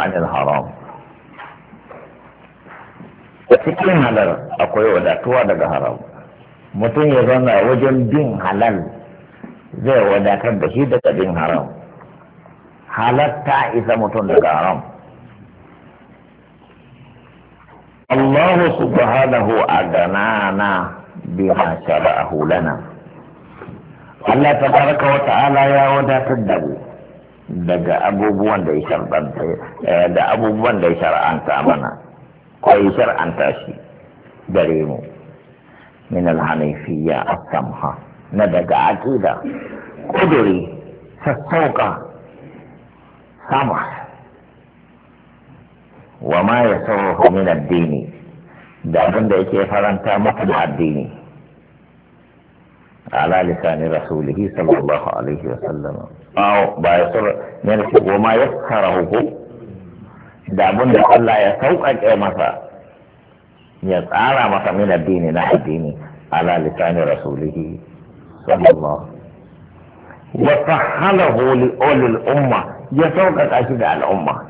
عن الحرام وتكين على أقوي ولا كوا لك حرام متين يظن وجن بين حلال زي ولا كبشيدة بين حرام حالات تا إذا لك حرام الله سبحانه أغنانا بما شرعه لنا الله تبارك وتعالى يا ودا تدري daga abubuwan da ya eh, da abubuwan da ya shar'anta mana ko ya shar'anta shi gare mu min al-hanifiyya as-samha na daga aqida kuduri sassauka sama wa ma yasarruhu min ad-dini da abin da yake faranta maka da addini على لسان رسوله صلى الله عليه وسلم او بايسر نرسي وما يسخره دابون دا قال لا يسوقك اي مسا يسعر مسا من الدين نح الدين على لسان رسوله صلى الله وسخله لأول الأمة يسوقك أشد على الأمة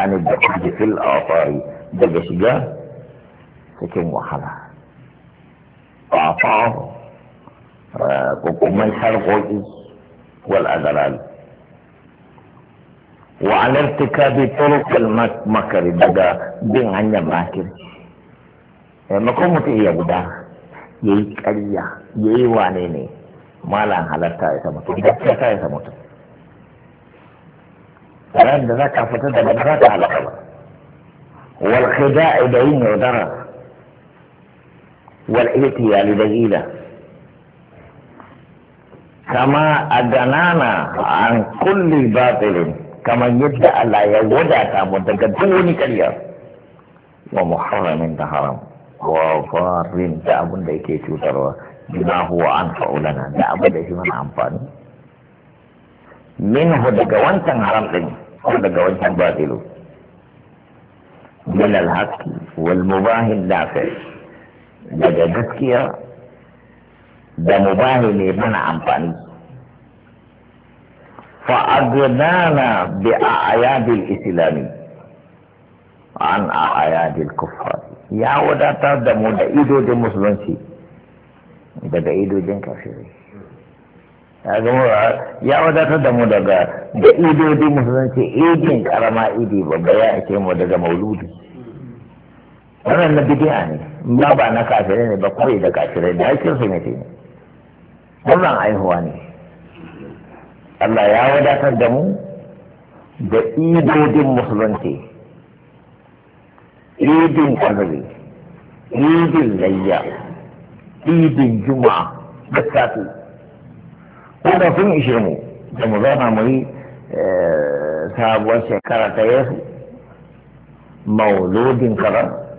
أن الدخول في الآثار دقشقة سكن وحلها فاعطاه آه، كوكومان خلقه هو الادلال وعلى ارتكاب طرق المكر بدا بين عنا ماكر لما كنت هي بدا يي كريا يي وانيني ما لا حلتا يتموت دكتا يتموت فلان دذاك فتدى بدراك على خبر والخداء بين درس والاعتيال دليلا كما أدنانا عن كل باطل كما يدعى لا يودع كامون تكتوني كريا ومحرم تحرم وفار تأبن ديكي تشوتروا بما هو أنفع لنا تأبن ديكي من أنفعني منه دقوان تنهرم لنا ودقوان تنباطل من الحق والمباهي النافع daga gaskiya da mubahi ne mana amfani fa fa'adnana bi ayadil islami an ayadil kuffar ya wadatar da mu da idojin musulunci daga idojin kafirai ya wadatar da mu daga da idodi musulunci idin karama idi babba ya ake mu daga mauludi wannan na bidiya ne ba ba na kafirai ne ba kawai da kafirai da aikin su ne ne wannan aihuwa ne Allah ya wadatar da mu da idodin musulunci idin kwanari idin layya idin Juma, da safi ko sun ishe mu da mu zama mu yi eh, sabuwar shekara ta yasu, mauludin karar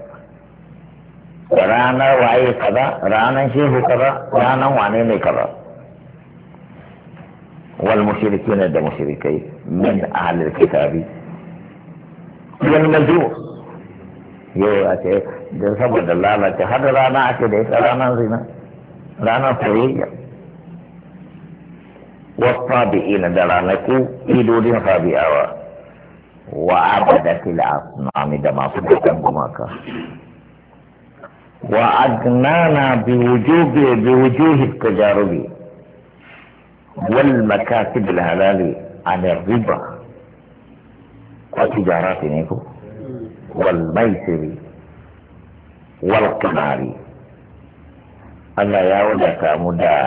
رانا واي كذا رانا شيء هو كذا رانا وانين كذا والمشركين ده مشركين من اهل الكتاب من مزور يو اتي ده سبب الله لا تهد رانا اكيد رانا زينا رانا فريج والصابئين دلانا كو إدودين صابئا وعبدت الأصنام دماغ سبحانه وأدنانا بوجوب بوجوه التجارب والمكاسب الحلال عن الربا وتجارات نيكو والميسر والقمار أنا يا ولدك مدى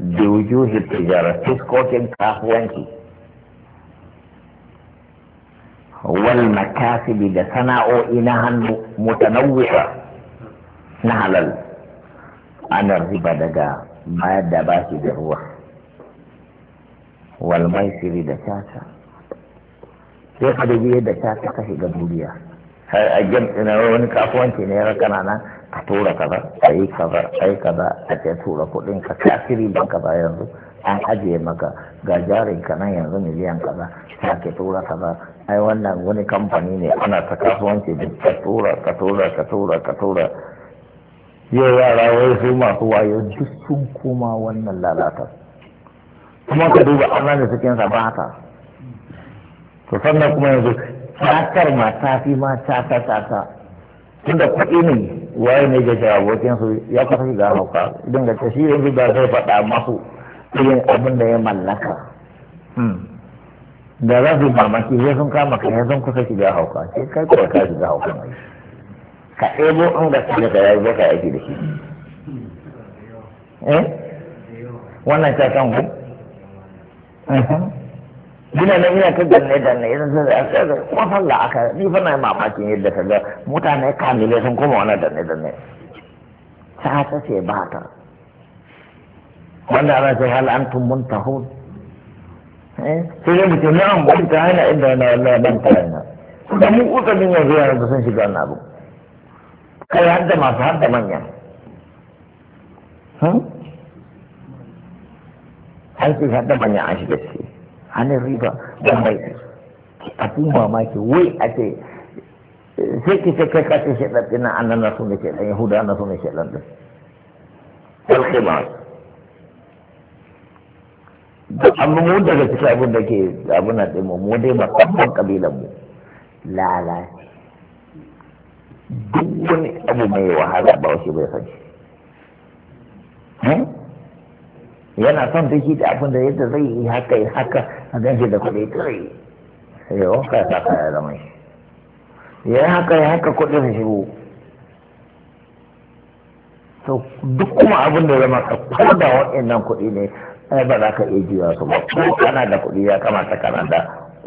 بوجوه التجارة تسكوت كافوانكي والمكاسب لسناء إنها متنوعة na halal ana riba daga bayar da bashi da ruwa walmai siri da tata sai ka dubi da tata ka shiga duniya har a jam ina wani kasuwanci ne ya kanana a tura kaza a yi kaza a yi kaza a ce tura ka kafiri ban kaza yanzu an ajiye maka ga jarin ka nan yanzu miliyan kaza ta ke tura kaza ai wannan wani kamfani ne ana ta kasuwanci da tura ka tura ka tura ka tura yau yara wai su masu wayo duk sun koma wannan lalata kuma ka duba an da cikin ba haka to sannan kuma yanzu takar ma ta fi ma ta ta ta ta tunda kuɗi ne waye ne ga shi su ya kusa shi ga hauka idan ga shi yanzu ba zai faɗa masu irin abin da ya mallaka hmm. da za su mamaki sai sun kama kai sun kusa shi ga hauka sai kai kuwa ka ga hauka ka ɗebo in da su ka yayi zaka yake da shi eh wannan ta kan ku gina na ina ta danne danne idan sai aka ga kuma falla aka ni fa na mamakin yadda ka ga mutane kamile sun koma wannan danne danne ta ta ce ba ta wanda ana ce hal antum muntahun eh sai dai mutum na an ta hana inda na wannan ban ta yana da mu kusa din yanzu yana da sun shiga na abu kai har da masu har da manya hmm? har su har da manya an shiga ciki hannun riba da mai abin mamaki wai a ce sai ki ce kai ka ce ɗin annan na su ne shaɗan yahuda na su ne shaɗan ɗin alkhimar da amma mu daga cikin abin da ke abin da mu mu dai ba kabilan mu lalace duk wani abu mai wahala ba wasu bai san hmm? yana son da shi da abin da yadda zai yi haka yi haka a gan shi da kuɗi kawai sai ya wanka ya saka ya zama shi ya yi haka yi haka kuɗi da shigo to duk kuma abin da zama ka kwada waɗannan kuɗi ne ai ba za ka iya jiwa su ba ko kana da kuɗi ya kamata kana da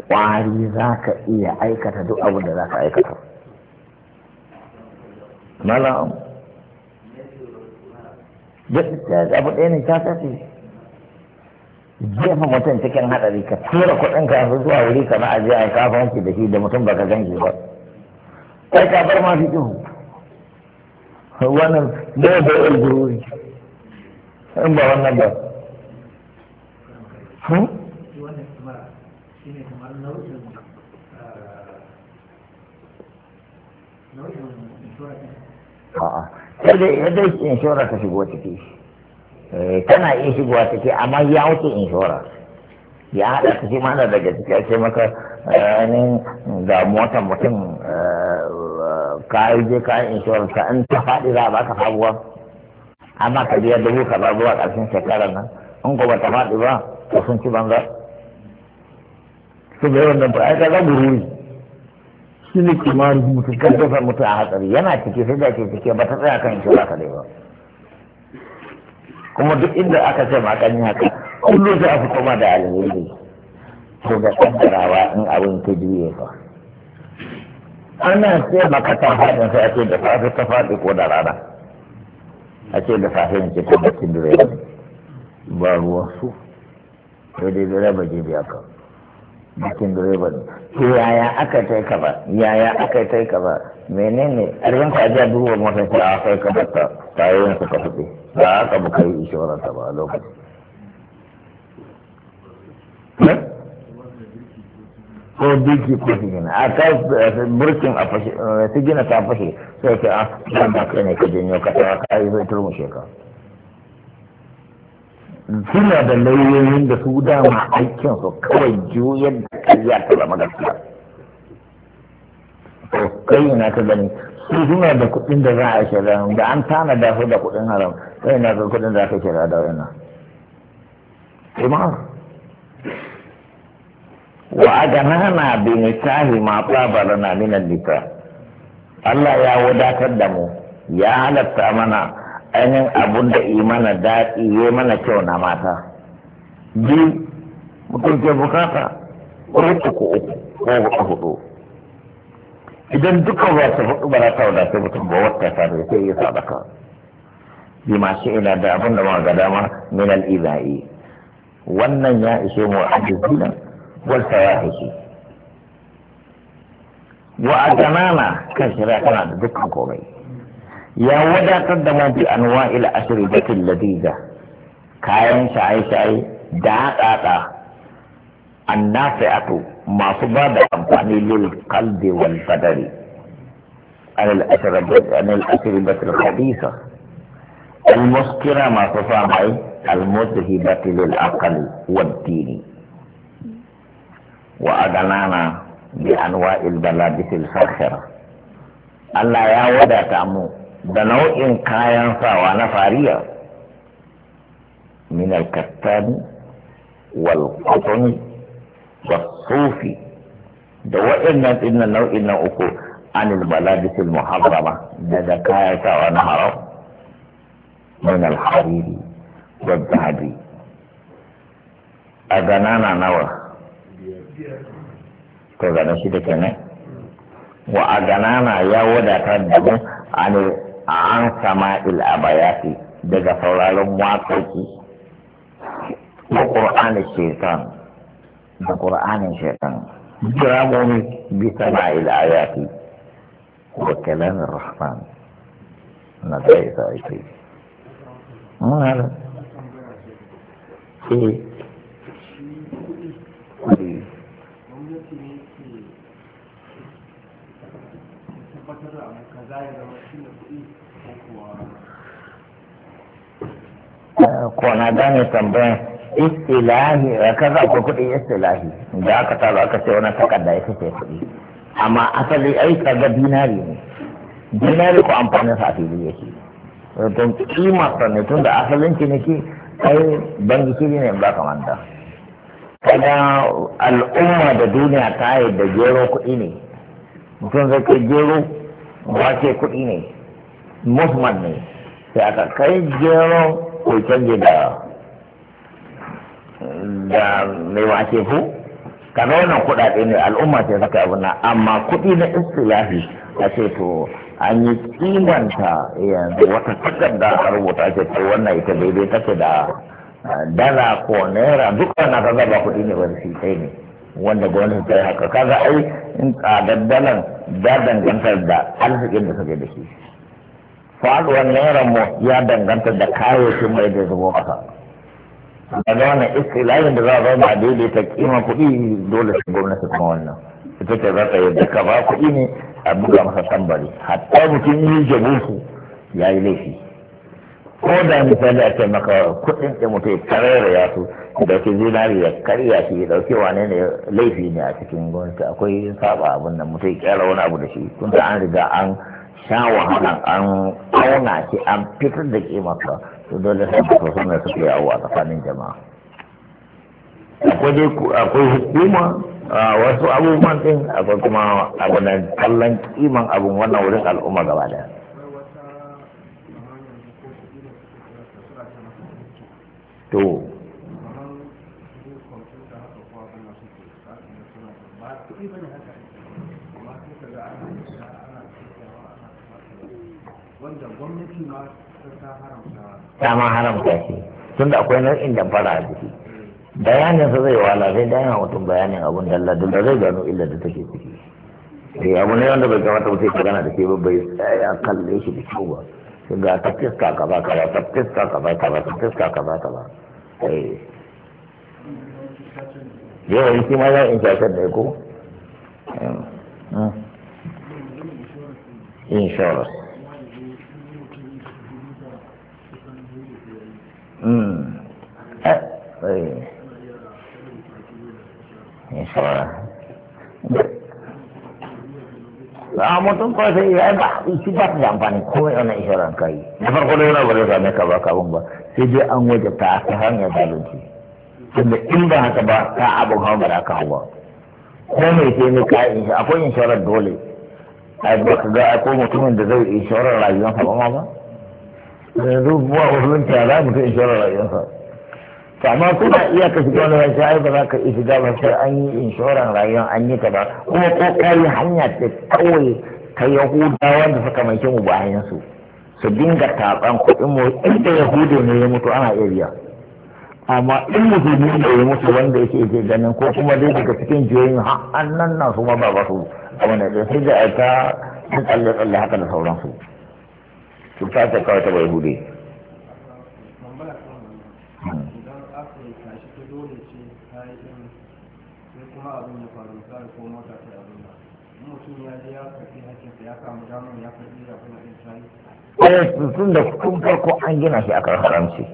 ƙwari za ka iya aikata duk abin da za ka aikata malam gaskiya abu ɗaya ne ta tafi jefa mutum cikin haɗari ka tura kuɗin ka yanzu zuwa wuri ka na ajiya a kafanci da shi da mutum baka gan shi ba kai ka bar ma fikihu wannan da bai da ulgururi in ba wannan ba hmm? nau'in eh, a'a sai dai yadda inshora ta shigo ciki tana eh, iya shigowa ciki amma ya wuce inshora ya haɗa ciki mana daga ciki ake maka eh, ainihin da motar mutum eh, kayan je kayan inshora ka in ta faɗi za a baka sabuwa amma ka biya dubu ka zuwa ƙarshen shekarar nan in ko ba ta faɗi ba ka sun ci banza su bai wannan ba ai ka ga gururi shi ne kimanin mutum kan dafa mutu a hatsari yana cike sai da ke cike ba ta tsaya kan shi ba ka ba kuma duk inda aka ce ma kan yi haka kullum sai a fi koma da alheri to da kaddarawa in abin ta juye fa ana ce maka ta haɗin sai a ce da safe ta faɗi ko da rana a ce da safe ne ce ta bacci direba ba ruwa su sai dai direba je biya ka bakin direba ne to yaya aka kai ka ba yaya aka kai ka ba menene arwan ka ja duba mota ce a kai ka bata tayoyin suka fito ba aka ba kai ishorar ta ba a lokacin hmm? ko birki ko su gina a kai eh, burkin a fashe eh, gina ta fashe sai ka a ah, ba kai ne ka janyo ka ta kai zai turmushe ka suna da lauyoyin da su dama aikin su kawai juyar da karya ta zama gaskiya to kai yana ta gani su suna da kuɗin da za a shirya da an tana da su da kuɗin haram kai na ga kuɗin da aka shiga da wannan imam wa na bi nikahi ma tabarana min an Allah ya wadatar da mu ya halatta mana ainihin abun da yi mana daɗi ya mana kyau na mata biyu mutum ke bukata uku ko uku ko hudu idan duka ba ta hudu ba ta sai mutum ba wata ta da sai yi sadaka bi masu ina da abun da ga dama min al-ilahi wannan ya ishe mu a jikina wal fawahishi wa ajanana kan shirya kana da dukkan komai يا ودا قدما بأنواع الأشربة إيه؟ اللذيذة كائن شاي شاي داعا داعا النافعة ما صباد أمطاني للقلب والبدن انا الأشربة عن الأشربة الخبيثة المسكرة ما صفاها المذهبة للعقل والدين وأدلانا بأنواع البلاد الفاخرة الله يا ودا تأمو da nau'in kayan sawa na fariya min alkattani wal kotoni sufi da waɗannan ɗinnan nau'in nan uku anil maladisil muharrama daga kayan sawa na haram min alhariri da zahabi a ganana nawa to ganin shi da kenan wa a ganana ya wadatar da mu anil an sama il'abayati daga sauraron waƙoƙi da ƙur'anin shaitan da ƙur'anin shaitan jiramomi bi sama'il ayati wa kalamin rahman na zai sa ake yi Thank you. kwana eh, gane tambayan istilahi eh, ka za ku kuɗi istilahi da aka taru aka ce wani takarda ya ce kuɗi amma asali ai kaga dinari ne dinari ko amfanin sa fili yake don kima sanne tun da asalin ciniki ai bangi kiri ne ba ka manta kada al'umma da duniya ta yi da gero kuɗi ne mutum zai kai gero wake kuɗi ne musman ne sai aka kai gero ko canje da da mai ku Kano wannan kuɗaɗe ne al'umma ce saka abu na amma kuɗi na istilahi a ce to an yi kimanta yanzu wata takarda a rubuta ce wannan ita daidai take da dala ko naira duk wannan kaga zaba kuɗi ne ba sai ne wanda gwamnati ta yi haka kaga ai in daddalan ya danganta da arzikin da suke da shi Faɗuwar naira mu ya danganta da kayayyakin mai da zubo kasa ga wannan istilahin da za a zauna daidaita kima kuɗi dole su gwamnati kuma wannan ita ce za ta yi da ka ba kuɗi ne a buga masa tambari hatta mutum yi jabusu ya yi laifi ko da misali a ce maka kuɗin ɗin mutum da ya su ya ɗauki zinari ya karya shi ya ɗauki wane ne laifi ne a cikin gwamnati akwai saba abin da mutum ya ƙera wani abu da shi tun da an riga an sha wahala an auna shi an fitar da ƙimarsa to dole sai ka sun da suke yawo a tsakanin jama'a akwai hukuma wasu abubuwan ɗin akwai kuma abu na kallon ƙiman abin wannan wurin al'umma gaba daya to dama haramta shi tunda akwai nau'in da fara a jiki bayanin sa zai wala sai da yana mutum bayanin abun Allah da zai gano illa da take ciki eh abu ne wanda bai kamata mutum ya gana da ke babbai bai kalle shi da kyau ba ga ta fiska kaza kaza ta fiska kaza kaza ta fiska kaza kaza eh yawa yi ma za in shafar da ko hmm. Hmm. insurance mutum ko sai ya ba shi ba da amfani ko yana isharan kai na farko da yana bare zame ka ba ka ba sai dai an waje ta ta hanyar zalunci tunda in ba haka ba ta abun hawa ba za ka hawa ko mai sai ne ka insha akwai insharar dole ai ba ka ga ko mutumin da zai insharar rayuwarsa ba ma ba yanzu buwa wasu rayuwarsa to amma kuna iya ka shiga wani wani ai ba za ka iya shiga ba sai an yi inshoran rayuwa an yi ta ba kuma ko kayi hanya ce kawai ta yahudawa da suka mai mu bayan su su dinga taɓan kuɗin mu inda yahudu ne ya mutu ana iya biya amma in musulmi ne ya mutu wanda yake yake ganin ko kuma dai daga cikin jiyoyin har an nan na su ma ba ba su abu ne da sai da ta tsalle tsalle haka da sauransu su ta ce kawai ta bai hude kuma abin ya faru misali ko mota ta abin nan mutum ya je ya karfi hakinsa ya samu damar ya karfi da kuma ɗin shayi ayar eh, tun da kun farko an gina shi akan haramci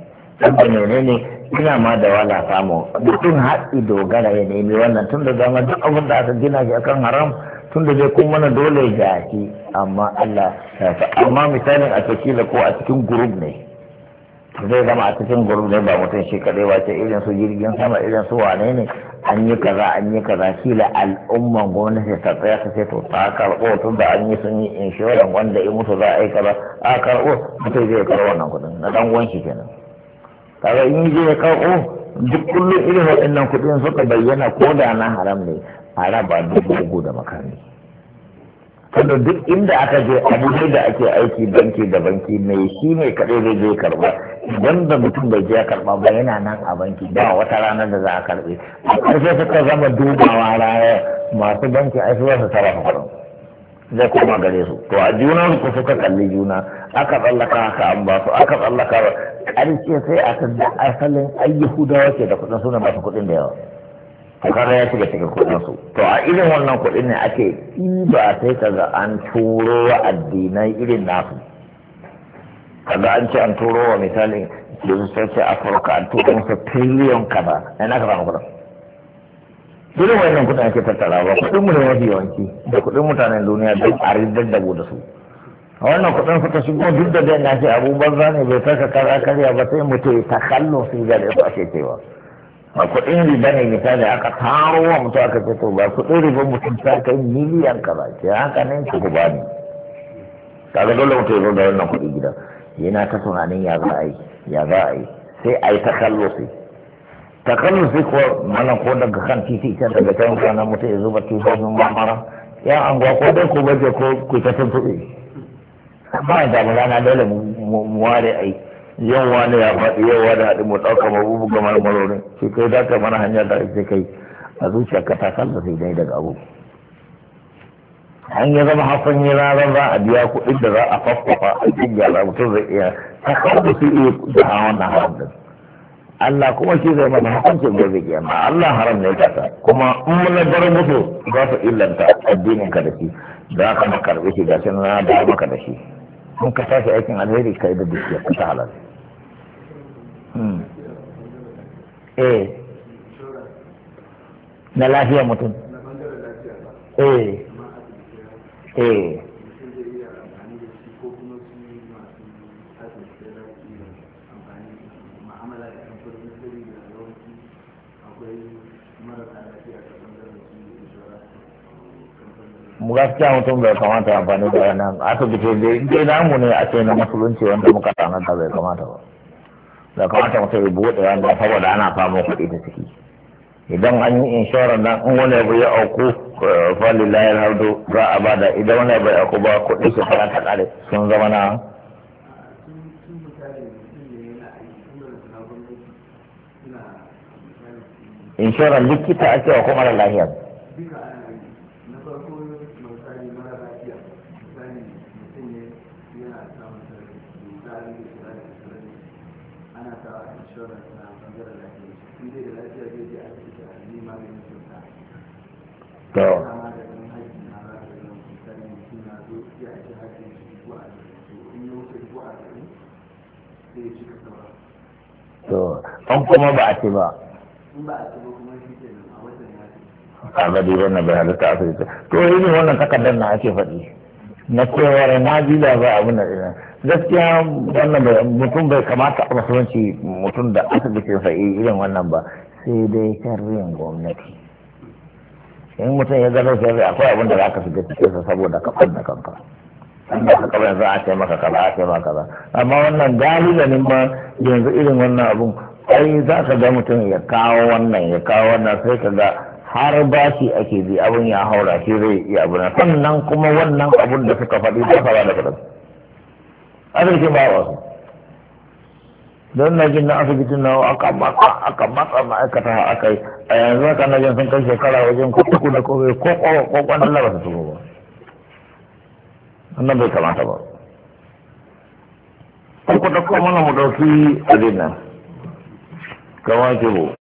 don da ne ina ma da wala samu mutum haɗi dogara ya nemi wannan tun da zama duk abin da aka gina shi akan haram tun da zai kuma mana dole ga shi amma Allah ya amma misalin a cikin da ko a cikin gurub ne zai zama a cikin gurub ne ba mutum shi kaɗai ba ce irin su jirgin sama irin su wane ne an yi kaza an yi kaza kila al'umman gwamnati ta tsaya ta sai to ta karɓo tun da an yi sun yi inshoran wanda in mutu za a yi kaza a karɓo mutum zai karɓo wannan kuɗin na ɗan wanshi kenan kaga in yi zai karɓo duk kullum irin waɗannan kuɗin suka bayyana ko da na haram ne a raba duk bugu da makami kada duk inda aka je abu da ake aiki banki da banki mai shi ne kaɗai zai je karɓa don da mutum bai je ya karɓa ba yana nan a banki ba wata ranar da za a karɓe a ƙarshe suka zama dubawa ranar masu banki a su su tara kuɗin zai koma gare su to a juna ku suka kalli juna aka tsallaka haka an ba su aka tsallaka ba ƙarshe sai a san da asalin ayyuhu da ke da kuɗin suna masu kuɗin da yawa to kaga ya shiga cikin kudin su to a irin wannan kudin ne ake ba sai kaga an turo wa addinai irin nasu kaga an ce an turo wa misalin kiristoci afirka an turo musu triliyon kaza ai na ka samu kuɗin irin wannan kudin ake tattara ba kuɗin mu ne mafi yawanci da kudin mutanen duniya don a rizar da su a wannan kuɗin suka shigo duk da dai na ce abubuwan zane bai saka kaza karya ba sai mu ce kallon su ga da su ake cewa. a kuɗin riba ne misali aka taro wa mutum aka ce to ba kuɗin riba mutum ta kai miliyan ka ba ce haka nan ki ku bani kaga dole mutum ya zo da wannan kuɗi gida yana ta tunanin ya za a yi ya za a yi sai a yi takallusi takallusi ko mana ko daga kan titi can daga can kana mutum ya zuba tutocin mamara yan anguwa ko dai ko baje ko ku ta tuntuɓe amma da mu rana dole mu ware aiki yau wani ya faɗi yau wani haɗi mu ɗauka ma bubu ga marmarorin shi kai za ka mana hanyar da ake kai a zuciya ka ta kalla sai dai daga abu an ya zama hafan yi ranar za a biya kuɗi da za a faffafa a cikin gyara mutum zai iya ta kawo da su iya da na haram din Allah kuma shi zai mana hukuncin da zai kiyama Allah haram ne ta kuma in mun bar musu za su illanta addinin ka da shi za ka makarbe shi ga shi na da maka da shi in ka tashi aikin alheri kai da dukiya ka ta halarci. Hmm. eh na lafiya mutum eh eh gaskiya mutum bai kamata amfani da wannan asibiti dai dai namu ne a ce na musulunci wanda muka da bai kamata ba da kamata mutum ya buɗe wanda saboda ana samun kuɗi ta ciki idan an yi inshorar nan in wani abu ya auku eh, falilahi alhamdu za a bada idan wani abu ya auku ba kuɗi su fara ta ƙare sun zama na inshorar likita ake wa kuma da lahiyar to to an kuma ba a ce ba a ba dai wannan bai halitta a to irin wannan takardar na ake faɗi na cewar na ji da ba abin da ɗina gaskiya wannan mutum bai kamata a musulunci mutum da asibitin sa'i irin wannan ba sai dai sharrin gwamnati in mutum ya gano sai akwai abin da za ka shiga cikin sa saboda ka fanna kanka amma ka za a ce maka kaza a ce maka kaza amma wannan galibanin ma yanzu irin wannan abun ai za ka ga mutum ya kawo wannan ya kawo wannan sai ka ga har bashi ake bi abun ya haura shi zai iya abu na sannan kuma wannan abun da suka faɗi ba fara da kudin arzikin ba wasu don na jin na asibitin na aka matsa aka matsa ma'aikata aka yi a yanzu haka na jin sun kai shekara wajen ko uku da kofi ko kokon Allah ba su tuko ba wannan bai kamata ba ko ko da kuma mu dauki abin nan kawai ke